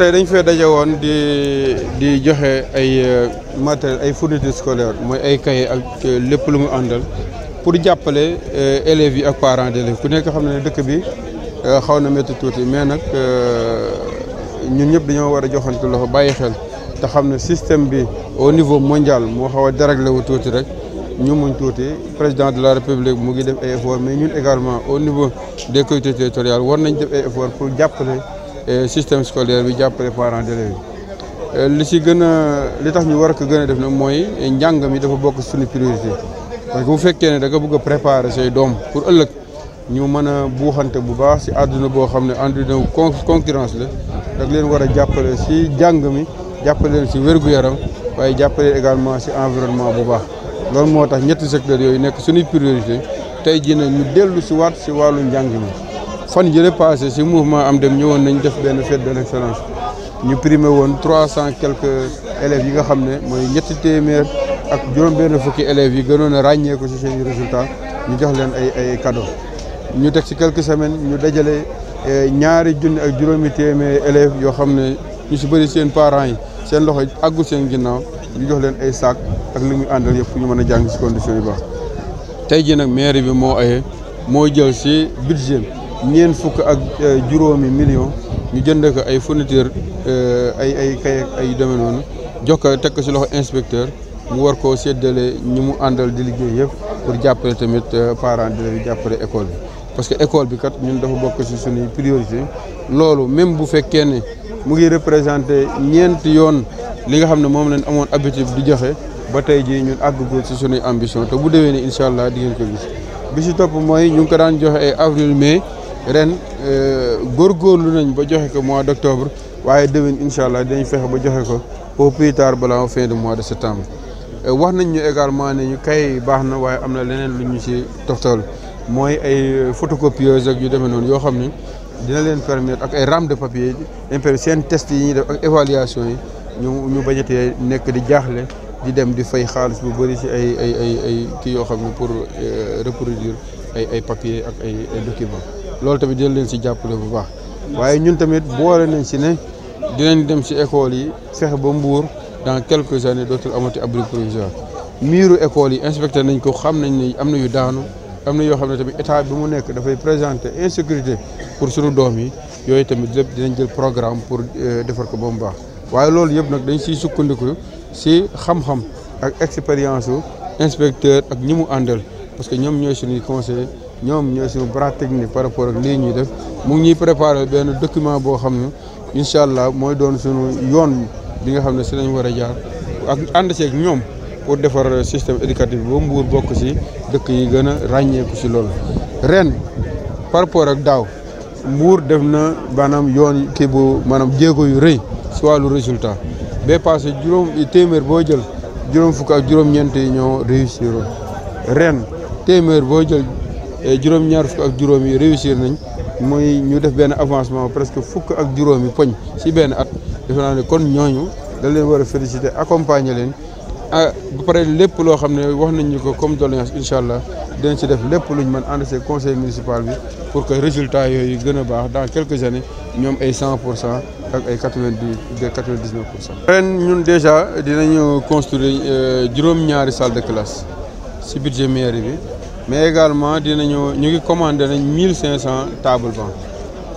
tey dañ fee daje woon di di joxe ay euh, matériel ay fourniture scolaire mooy ay cahier ak euh, lépp lu mu àndal pour jàppale euh, élèves yi ak parents d'élèves ku nekk xam ne dëkk bi xaw na métti tuuti mais nag ñun ñëpp dañoo war a joxante loxo bàyyi xel te xam ne système bi au niveau mondiale moo xaw a déréglé wu tuuti rek ñu muñ tuuti président de la république mu ngi def ay effort mais ñun également au niveau des collectivités territoriales war nañ def ay effort pour jàppale. système scolaire bi jàppale parents d'élèves yi li si gën a li tax ñu war ko gën a def nag mooy njàng mi dafa bokk suñu priorité parce que bu fekkee ne da nga bëgg a préparer say doom pour ëllëg ñu mën a buuxante bu baax si àdduna boo xam ne àdduna concurrence la dag leen war a jàppale si njàng mi jàppale leen ci wér yaram waaye jàppale également ci environnement bu baax loolu moo tax ñetti secteurs yooyu nekk suñuy priorité tey jii nag ñu dellu si waat si wàllu njàng mi fan yële passé si mouvement am dem ñëwoon nañ def benn fête de l'excellence ñu primé woon trois cent quelque élèves yi nga xam ne mooy ñetti téeméer ak juróom benn fukki élève yi gënoon a ràññeeku si seen résultat ñu jox leen ay ay cadeau ñu teg si quelques semaines ñu dajale eh, ñaari junni ak juróomi téeméer élèves yoo xam ne ñu si bëri seen parent yi seen loxo àggul seen ginnaaw ñu jox leen ay saak ak li muy àndal yëpp ñu mën a jàng si condition yi baax tey jii nag mairie bi moo aye moo jël si budget ñeent fukk ak euh, juróomi million ñu jënd ko ay fourniture euh, ay ay kay ay demee noonu jox ko teg ko si loxo inspecteur mu war koo séddale ñi mu àndal di liggéey yëpp pour jàppale tamit euh, parent di leen jàppale école bi. parce que école bi kat ñun dafa bokk si suñuy priorité loolu même bu fekkee ni mu ngi représenté ñeenti yoon li nga xam ne moom lañ amoon habitude di joxe ba tey jii ñun àggagul si suñuy ambition te bu déwee ni incha allah di ngeen ko gis bi si topp mooy ñu ngi ko daan joxe ay avril ren góor euh, góorgóorlu nañ ba joxe ko mois d' octobre waaye déwén incha allah dañ fexe ba joxe ko au plus tard balaa fin de mois de septembre. Euh, wax nañ également ne ñu kay baax na waaye am na leneen lu ñu si toftal mooy ay euh, photocopieuse ak yu demee noonu yoo xam ne dina leen permettre ak ay rames de papier imprimé seen test yi ñuy def ak évaluation yi ñu ñu bañatee nekk di jaaxle di dem di fay xaalis bu bëri si ay ay ay ay kii yoo xam ne pour reproduire ay ay papier ak ay ay loolu tamit dina leen ci jàppale bu baax waaye ñun tamit boole nañ si ne dinañ dem ci école yi fexe ba mbuur dans quelques années dootul amati abri provisoire miiru école yi inspecteur nañ ko xam nañ ne am na yu daanu am na yoo xam ne tamit état bi mu nekk dafay présenter insécurité pour suñu doom yi yooyu tamit lépp dinañ jël programme pour euh, defar ko ba mu baax waaye loolu yëpp nag dañ siy sukkandiku si xam-xam ak expérience inspecteur ak ñi mu àndal parce que ñoom ñooy suñuy conseiller ñoom ñooy suñu bras technique par rapport ak lii ñuy def mu ngi ñuy préparé benn document boo xam ne incha allah mooy doon sunu yoon bi nga xam ne si lañ war a jaar ak ànd ñoom pour defar système éducatif ba Mbour bokk si dëkk yi gën a ràññeeku si loolu. ren par rapport ak daaw mbuur def na maanaam yoon kii bu maanaam jéego yu rëy si wàllu résultat bee passé juróom téeméer boo jël juróom fukk ak juróom-ñeent yi ñoo réussir ren téeméer boo jël. Eh, juróom ñaar fukk ak juróom yi réussir nañ muy ñu def benn avancement presque fukk ak juróom yi poñ si benn at defe naa ne kon ñooñu dañ leen war a féliciter accompagner leen ah ba pare lépp loo xam ne wax nañ ñu ko comme doléance incha allah dinañ ci def lépp luñ mën ànd see conseil municipal bi pour que résultat yooyu gën a baax dans quelques années ñoom ay 100 pour cent ak ay 90 de 99 pour cent. ren ñun déjà dinañu construire euh, juróom-ñaari salle de classe si budget mairie bi mais également dinañu ñu ngi commander nañ 1500 cinq table banc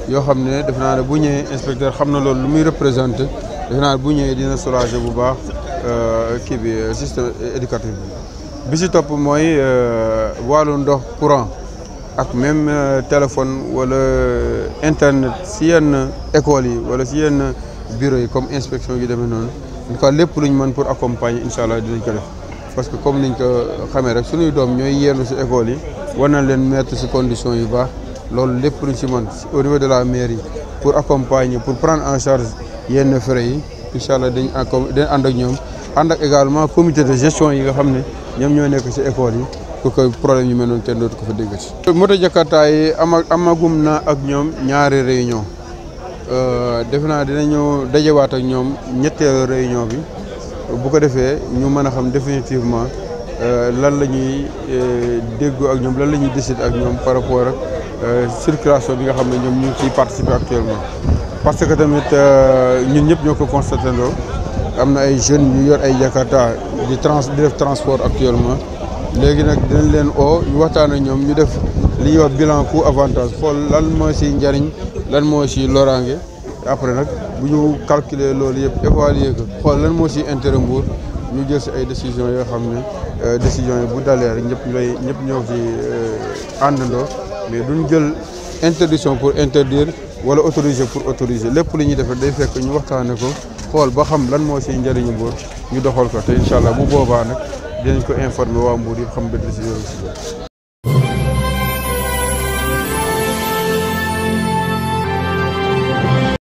yo xamné ne na naa bu ñëwee inspecteur xamna na loolu lu muy représenter defe na bu ñëwee dina soulager bu baax euh kii bi euh, système éducatif bi ci top moy euh walu ndox courant ak même euh, téléphone wala euh, internet si yenn école yi wala si yenn bureau yi comme inspection yi demee non en tout cas lépp lu ñu mën pour accompagner inshallah allah dinañ ko def parce que comme niñ ko xamee rek suñuy doom ñooy yendu si école yi war nañ leen mettre si conditions yu baax loolu lépp luñ si mën au niveau de la mairie pour accompagner pour prendre en charge yenn frais yi incha allah dañ dañ ànd ak ñoom ànd ak également comité de gestion yi nga xam ne ñoom ñoo nekk si école yi pour que problème yu mel noonu kenn dootu ko fa déggati. moto Jakarta yi ama amagum na ak ñoom ñaari réunion euh, defe naa dinañu dajewaat ak ñoom ñetteelu réunion bi. bu ko defee ñu mën a xam définitivement euh, lan la ñuy euh, déggoo ak ñoom lan la ñuy décider ak ñoom par rapport ak euh, circulation bi nga xam ne ñoom ñu ngi ciy participer actuellement. parce que tamit ñun ñëpp ñoo ko constaté ndoo am na ay jeunes ñu yor ay jakarta di trans di def transport actuellement léegi nag dinañ leen oo ñu waxtaan ak ñoom ñu def li ñuy wax bilan coût avantage xool lan moo siy njariñ lan moo siy loraange. après nag bu ñu calculer loolu yëpp évaluer ko xool lan moo si intérêt Mbour ñu jël si ay décision yoo xam ne euh, décision yi bu dalee rek ñëpp lay ñëpp ñoo ci euh, àndandoo mais duñ jël interdiction pour interdire wala autoriser pour autoriser lépp lu ñuy defee day fekk ñu waxtaane ko xool ba xam lan moo ci njëriñu Mbour ñu doxal ko te incha allah bu boobaa nag dinañ ko informé waa Mbour yëpp xam nga décision yi ci